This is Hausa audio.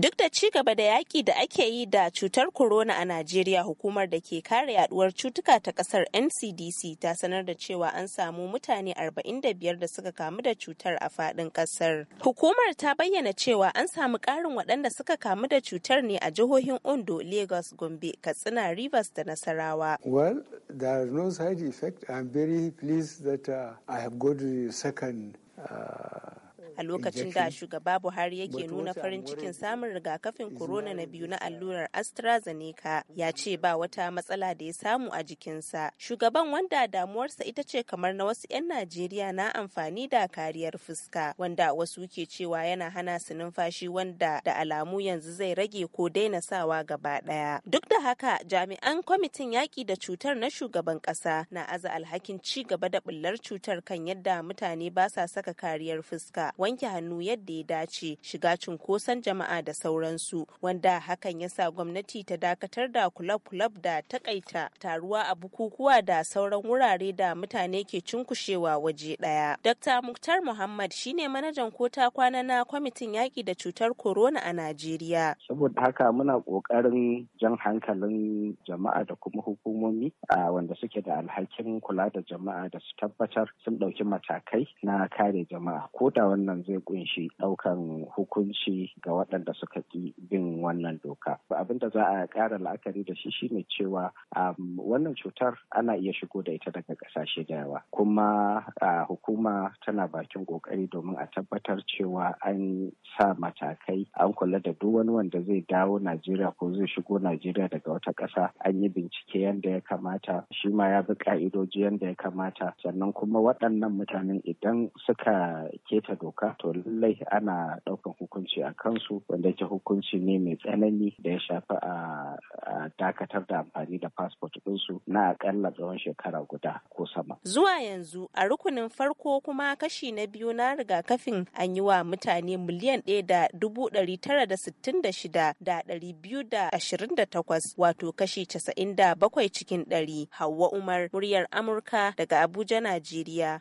Duk da ci gaba da yaƙi da ake yi da cutar corona a Najeriya hukumar da ke kare yaduwar cutuka ta ƙasar NCDC ta sanar da cewa an samu mutane 45 da suka kamu da cutar a faɗin ƙasar. Hukumar ta bayyana cewa an samu ƙarin waɗanda suka kamu da cutar ne a jihohin Ondo, Lagos, Gombe, Katsina, Rivers da Nasarawa. Well, there are no side effect. I'm very pleased that uh, I have got the second uh, a lokacin da shugaba Buhari yake nuna farin cikin samun rigakafin corona na biyu na allurar AstraZeneca ya ce ba wata matsala da ya samu a jikinsa. Shugaban wanda damuwarsa ita ce kamar na wasu 'yan Najeriya na amfani da kariyar fuska wanda wasu ke cewa yana hana su numfashi wanda da alamu yanzu zai rage ko daina sawa gaba daya. Duk da haka jami'an kwamitin Yaki da cutar na shugaban ƙasa na aza alhakin ci gaba da bullar cutar kan yadda mutane ba sa saka kariyar fuska. wanke hannu yadda ya dace shiga cunkoson jama'a da sauransu wanda hakan ya sa gwamnati ta dakatar da kulab-kulab da takaita taruwa a bukukuwa da sauran wurare da mutane ke cunkushewa waje ɗaya. Dr. Muktar Muhammad shine manajan kota kwana na kwamitin yaki da cutar corona a Najeriya. Saboda haka muna ƙoƙarin jan hankalin jama'a da kuma hukumomi a wanda suke da alhakin kula da jama'a da su tabbatar sun ɗauki matakai na kare jama'a ko da wannan zai kunshi daukan hukunci ga waɗanda suka ƙi. wannan doka abin da za a ƙara la'akari da shi shine cewa um, wannan cutar ana iya shigo da ita daga ƙasashe da yawa kuma hukuma tana bakin ƙoƙari domin a tabbatar cewa an sa matakai an kula da duk wani wanda zai dawo najeriya ko zai shigo najeriya daga wata ƙasa an yi bincike yanda ya kamata shi ma ya bi ƙa'idoji yanda ya kamata sannan kuma waɗannan mutanen idan suka keta doka to lallai ana ɗaukan hukunci a kansu wanda ke hukunci ne mai mai tsanani da ya shafi a dakatar da amfani da fasfot ɗinsu na akalla tsawon shekara guda ko sama. Zuwa yanzu a rukunin farko kuma kashi na biyu na rigakafin an yi wa mutane miliyan ɗaya da dubu ɗari tara da sittin da shida da ɗari biyu da ashirin da takwas wato kashi casa'in da bakwai cikin ɗari. Hauwa Umar muryar Amurka daga Abuja, Najeriya.